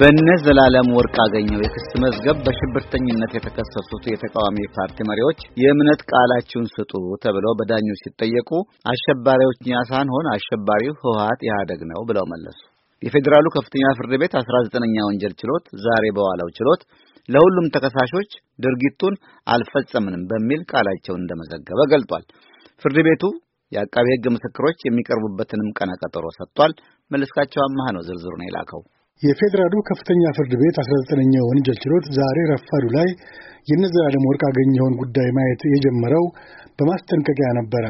በእነ ዘላለም ወርቅ አገኘው የክስ መዝገብ በሽብርተኝነት የተከሰሱት የተቃዋሚ ፓርቲ መሪዎች የእምነት ቃላችሁን ስጡ ተብለው በዳኞች ሲጠየቁ አሸባሪዎች እኛ ሳንሆን አሸባሪው ህወሀት ኢህአደግ ነው ብለው መለሱ። የፌዴራሉ ከፍተኛ ፍርድ ቤት 19ኛ ወንጀል ችሎት ዛሬ በዋለው ችሎት ለሁሉም ተከሳሾች ድርጊቱን አልፈጸምንም በሚል ቃላቸውን እንደመዘገበ ገልጧል። ፍርድ ቤቱ የአቃቢ ሕግ ምስክሮች የሚቀርቡበትንም ቀነ ቀጠሮ ሰጥቷል። መለስካቸው አማህ ነው ዝርዝሩን የላከው። የፌዴራሉ ከፍተኛ ፍርድ ቤት 19ኛ ወንጀል ችሎት ዛሬ ረፋዱ ላይ የነዘላለም ወርቅ አገኘሁን ጉዳይ ማየት የጀመረው በማስጠንቀቂያ ነበረ።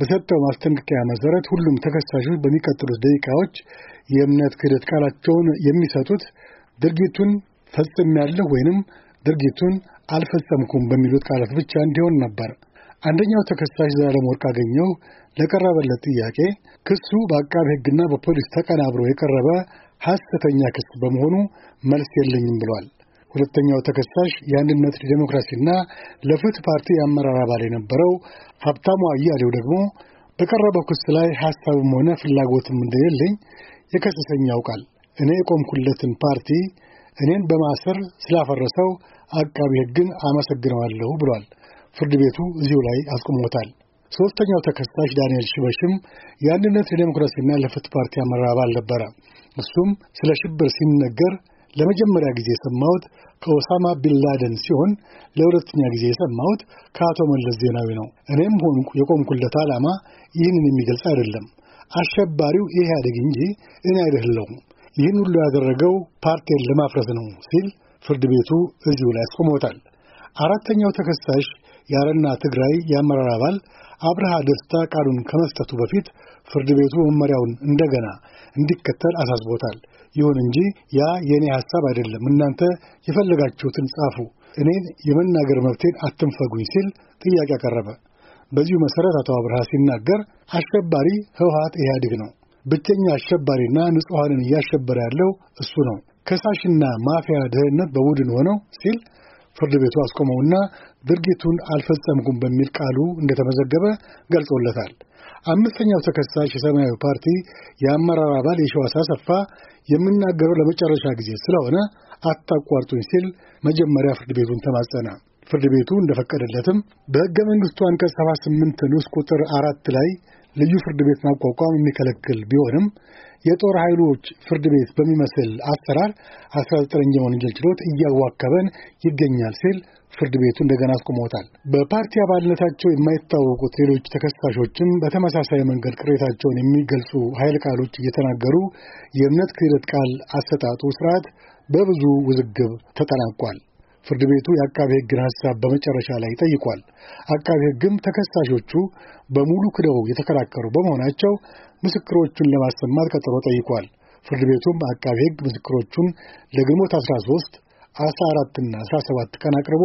በሰጠው ማስጠንቀቂያ መሰረት ሁሉም ተከሳሾች በሚቀጥሉት ደቂቃዎች የእምነት ክህደት ቃላቸውን የሚሰጡት ድርጊቱን ፈጽሜያለሁ ወይንም ድርጊቱን አልፈጸምኩም በሚሉት ቃላት ብቻ እንዲሆን ነበር። አንደኛው ተከሳሽ ዘላለም ወርቅ አገኘው ለቀረበለት ጥያቄ ክሱ በአቃቤ ሕግና በፖሊስ ተቀናብሮ የቀረበ ሐሰተኛ ክስ በመሆኑ መልስ የለኝም ብሏል። ሁለተኛው ተከሳሽ የአንድነት ዲሞክራሲና ለፍትህ ፓርቲ የአመራር አባል የነበረው ሀብታሙ አያሌው ደግሞ በቀረበው ክስ ላይ ሐሳብም ሆነ ፍላጎትም እንደሌለኝ የከሰሰኝ ያውቃል። እኔ የቆምኩለትን ፓርቲ እኔን በማሰር ስላፈረሰው አቃቢ ሕግን አመሰግነዋለሁ ብሏል። ፍርድ ቤቱ እዚሁ ላይ አስቆሞታል። ሦስተኛው ተከሳሽ ዳንኤል ሽበሽም የአንድነት ለዲሞክራሲና ለፍትህ ፓርቲ አመራር አባል ነበረ። እሱም ስለ ሽብር ሲነገር ለመጀመሪያ ጊዜ የሰማሁት ከኦሳማ ቢንላደን ሲሆን ለሁለተኛ ጊዜ የሰማሁት ከአቶ መለስ ዜናዊ ነው። እኔም ሆንኩ የቆምኩለት ዓላማ ይህንን የሚገልጽ አይደለም። አሸባሪው ኢህአዴግ እንጂ እኔ አይደለሁም። ይህን ሁሉ ያደረገው ፓርቲን ለማፍረስ ነው ሲል ፍርድ ቤቱ እዚሁ ላይ አስቆሞታል። አራተኛው ተከሳሽ የአረና ትግራይ የአመራር አባል አብርሃ ደስታ ቃሉን ከመስጠቱ በፊት ፍርድ ቤቱ መመሪያውን እንደገና እንዲከተል አሳስቦታል። ይሁን እንጂ ያ የእኔ ሐሳብ አይደለም፣ እናንተ የፈለጋችሁትን ጻፉ፣ እኔን የመናገር መብቴን አትንፈጉኝ ሲል ጥያቄ አቀረበ። በዚሁ መሠረት አቶ አብርሃ ሲናገር አሸባሪ ህወሀት ኢህአዴግ ነው። ብቸኛ አሸባሪና ንጹሐንን እያሸበረ ያለው እሱ ነው። ከሳሽና ማፊያ ደህንነት በቡድን ሆነው ሲል ፍርድ ቤቱ አስቆመውና ድርጊቱን አልፈጸምኩም በሚል ቃሉ እንደተመዘገበ ገልጾለታል። አምስተኛው ተከሳሽ የሰማያዊ ፓርቲ የአመራር አባል የሸዋስ አሰፋ የምናገረው ለመጨረሻ ጊዜ ስለሆነ አታቋርጡኝ ሲል መጀመሪያ ፍርድ ቤቱን ተማጸነ። ፍርድ ቤቱ እንደፈቀደለትም በሕገ መንግሥቱ አንቀጽ 78 ንዑስ ቁጥር አራት ላይ ልዩ ፍርድ ቤት ማቋቋም የሚከለክል ቢሆንም የጦር ኃይሎች ፍርድ ቤት በሚመስል አሰራር አስራ ዘጠነኛው ወንጀል ችሎት እያዋከበን ይገኛል ሲል ፍርድ ቤቱ እንደገና አስቆሞታል። በፓርቲ አባልነታቸው የማይታወቁት ሌሎች ተከሳሾችም በተመሳሳይ መንገድ ቅሬታቸውን የሚገልጹ ኃይል ቃሎች እየተናገሩ የእምነት ክህደት ቃል አሰጣጡ ስርዓት በብዙ ውዝግብ ተጠናቋል። ፍርድ ቤቱ የአቃቤ ሕግን ሐሳብ በመጨረሻ ላይ ጠይቋል። አቃቤ ሕግም ተከሳሾቹ በሙሉ ክደው የተከራከሩ በመሆናቸው ምስክሮቹን ለማሰማት ቀጠሮ ጠይቋል። ፍርድ ቤቱም አቃቤ ሕግ ምስክሮቹን ለግንቦት 13 14 እና 17 ቀን አቅርቦ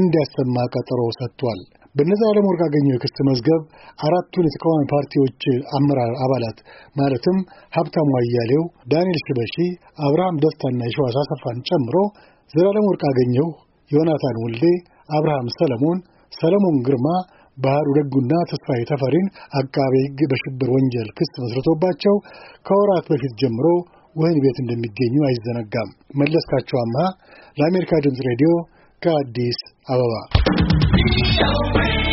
እንዲያሰማ ቀጠሮ ሰጥቷል። በእነዚ ዓለም ወርቅ አገኘው የክስ መዝገብ አራቱን የተቃዋሚ ፓርቲዎች አመራር አባላት ማለትም ሀብታሙ አያሌው፣ ዳንኤል ሽበሺ፣ አብርሃም ደስታና የሸዋስ አሰፋን ጨምሮ ዘላለም ወርቅ አገኘው፣ ዮናታን ወልዴ፣ አብርሃም ሰለሞን፣ ሰለሞን ግርማ ባህሩ ደጉና ተስፋዬ ተፈሪን አቃቤ ሕግ በሽብር ወንጀል ክስ መስርቶባቸው ከወራት በፊት ጀምሮ ወህኒ ቤት እንደሚገኙ አይዘነጋም። መለስካቸው አምሃ ለአሜሪካ ድምፅ ሬዲዮ ከአዲስ አበባ 你要飞。